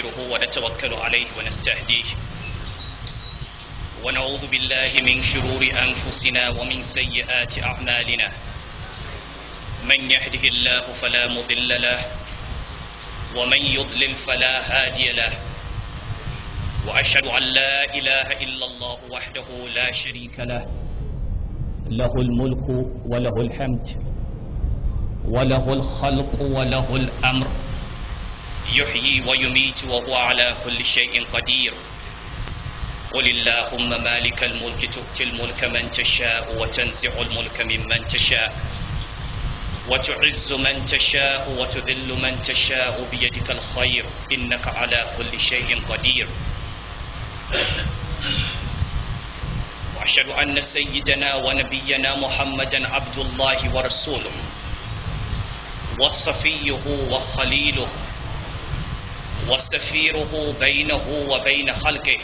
نستغفره ونتوكل عليه ونستهديه ونعوذ بالله من شرور أنفسنا ومن سيئات أعمالنا من يهده الله فلا مضل له ومن يضلل فلا هادي له وأشهد أن لا إله إلا الله وحده لا شريك له له الملك وله الحمد وله الخلق وله الأمر يحيي ويميت وهو على كل شيء قدير قل اللهم مالك الملك تؤتي الملك من تشاء وتنزع الملك ممن تشاء وتعز من تشاء وتذل من تشاء بيدك الخير إنك على كل شيء قدير وأشهد أن سيدنا ونبينا محمدا عبد الله ورسوله وصفيه وخليله وسفيره بينه وبين خلقه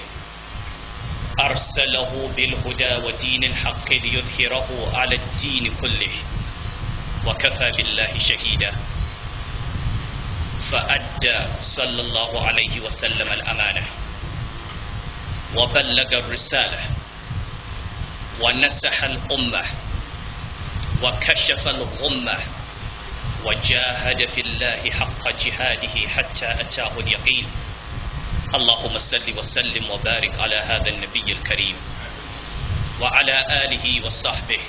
أرسله بالهدى ودين الحق ليظهره على الدين كله وكفى بالله شهيدا فأدى صلى الله عليه وسلم الأمانة وبلغ الرسالة ونسح الأمة وكشف الغمة وجاهد في الله حق جهاده حتى أتاه اليقين اللهم صل وسلم وبارك على هذا النبي الكريم وعلى آله وصحبه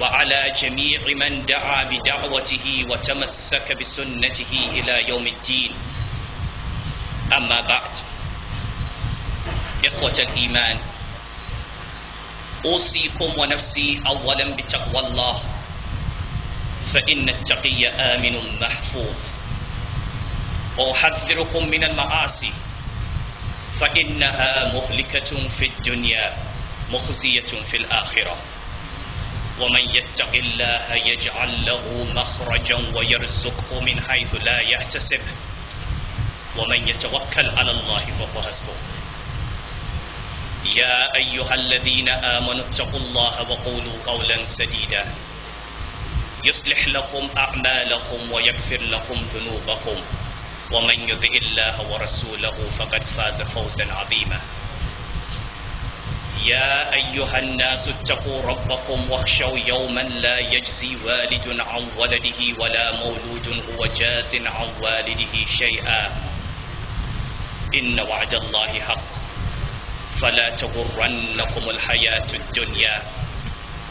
وعلى جميع من دعا بدعوته وتمسك بسنته إلى يوم الدين أما بعد إخوة الإيمان أوصيكم ونفسي أولا بتقوى الله فإن التقي آمن محفوظ وأحذركم من المعاصي فإنها مهلكة في الدنيا مخزية في الآخرة ومن يتق الله يجعل له مخرجا ويرزقه من حيث لا يحتسب ومن يتوكل على الله فهو حسبه يا أيها الذين آمنوا اتقوا الله وقولوا قولا سديدا يصلح لكم أعمالكم ويغفر لكم ذنوبكم ومن يطع الله ورسوله فقد فاز فوزا عظيما يا أيها الناس اتقوا ربكم واخشوا يوما لا يجزي والد عن ولده ولا مولود هو جاز عن والده شيئا إن وعد الله حق فلا تغرنكم الحياة الدنيا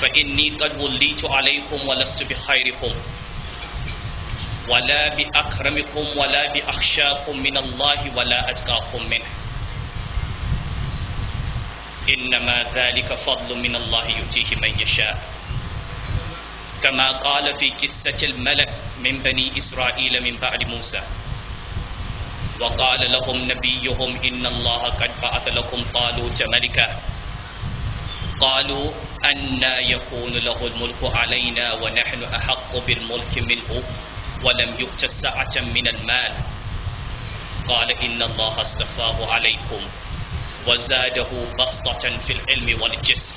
فإني قد وليت عليكم ولست بخيركم ولا بأكرمكم ولا بأخشاكم من الله ولا أتقاكم منه إنما ذلك فضل من الله يؤتيه من يشاء كما قال في قصة الملك من بني إسرائيل من بعد موسى وقال لهم نبيهم إن الله قد بعث لكم طالوت ملكا قالوا أن يكون له الملك علينا ونحن أحق بالملك منه ولم يؤت سعة من المال قال إن الله اصطفاه عليكم وزاده بسطة في العلم والجسم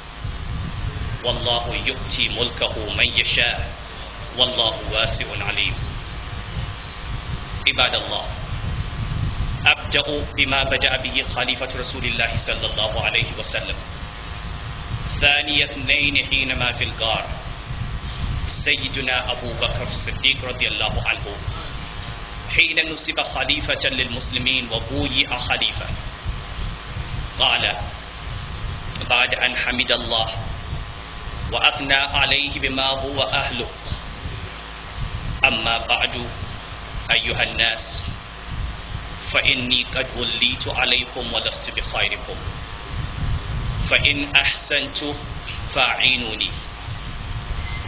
والله يؤتي ملكه من يشاء والله واسع عليم عباد الله أبدأ بما بدأ به خليفة رسول الله صلى الله عليه وسلم ثاني اثنين حينما في الغار سيدنا أبو بكر الصديق رضي الله عنه حين نصب خليفة للمسلمين وبوئ خليفة قال بعد أن حمد الله وأثنى عليه بما هو أهله أما بعد أيها الناس فإني قد وليت عليكم ولست بخيركم فإن أحسنت فاعينوني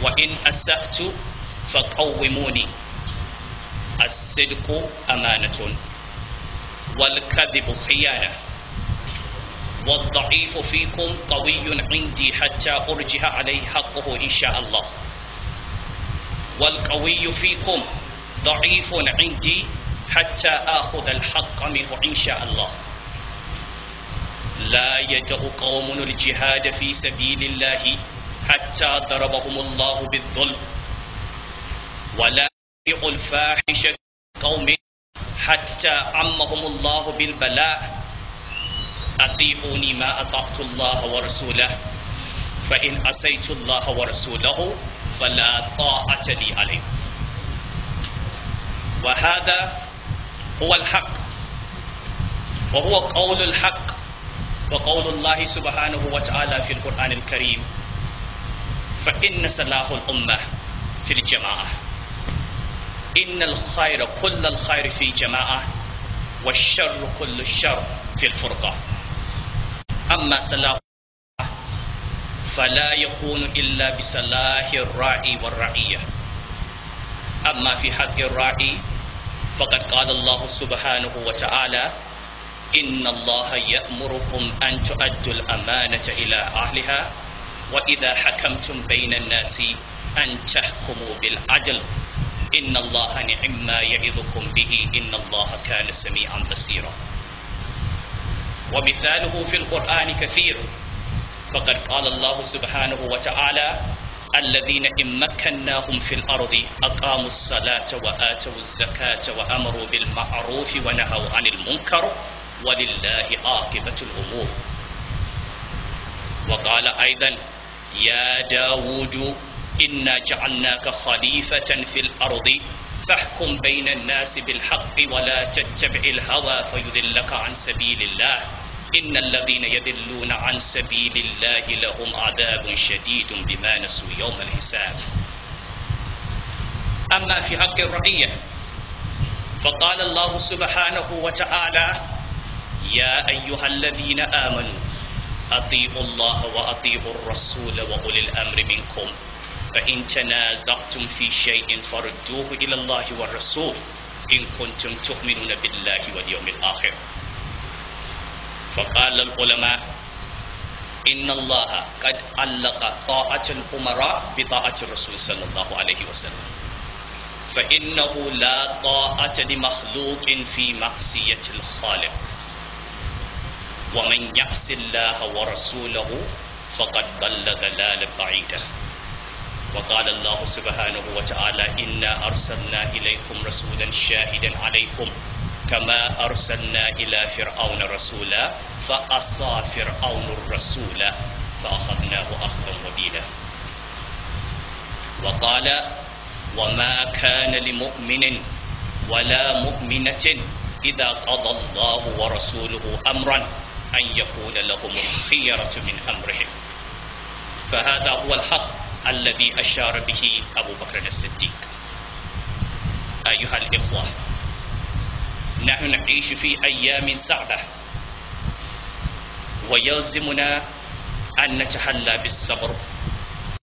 وإن أسأت فقوموني الصدق أمانة والكذب خيانة والضعيف فيكم قوي عندي حتى أرجع عليه حقه إن شاء الله والقوي فيكم ضعيف عندي حتى آخذ الحق منه إن شاء الله لا يدعو قوم الجهاد في سبيل الله حتى ضربهم الله بالظلم ولا يطيع الفاحشة قوم حتى عمهم الله بالبلاء أطيعوني ما أطعت الله ورسوله فإن أسيت الله ورسوله فلا طاعة لي عليكم وهذا هو الحق وهو قول الحق وقول الله سبحانه وتعالى في القرآن الكريم فإن صلاح الأمة في الجماعة إن الخير كل الخير في جماعة والشر كل الشر في الفرقة أما صلاح فلا يكون إلا بصلاح الراعي والرعية أما في حق الراعي فقد قال الله سبحانه وتعالى إن الله يأمركم أن تؤدوا الأمانة إلى أهلها وإذا حكمتم بين الناس أن تحكموا بالعدل إن الله نعم ما يعظكم به إن الله كان سميعا بصيرا ومثاله في القرآن كثير فقد قال الله سبحانه وتعالى الذين إن مكناهم في الأرض أقاموا الصلاة وآتوا الزكاة وأمروا بالمعروف ونهوا عن المنكر ولله عاقبة الأمور وقال أيضا يا داود إنا جعلناك خليفة في الأرض فاحكم بين الناس بالحق ولا تتبع الهوى فيذلك عن سبيل الله إن الذين يذلون عن سبيل الله لهم عذاب شديد بما نسوا يوم الحساب أما في حق الرعية فقال الله سبحانه وتعالى يا أيها الذين آمنوا أطيعوا الله وأطيعوا الرسول وأولي الأمر منكم فإن تنازعتم في شيء فردوه إلى الله والرسول إن كنتم تؤمنون بالله واليوم الآخر فقال العلماء إن الله قد علق طاعة الأمراء بطاعة الرسول صلى الله عليه وسلم فإنه لا طاعة لمخلوق في معصية الخالق ومن يعص الله ورسوله فقد ضل ضلالا بعيدا وقال الله سبحانه وتعالى إنا أرسلنا إليكم رسولا شاهدا عليكم كما أرسلنا إلى فرعون رسولا فأصى فرعون الرسول فأخذناه أخذا وبيلا وقال وما كان لمؤمن ولا مؤمنة إذا قضى الله ورسوله أمرا أن يكون لهم الخيرة من أمرهم فهذا هو الحق الذي أشار به أبو بكر الصديق أيها الإخوة نحن نعيش في أيام صعبة ويلزمنا أن نتحلى بالصبر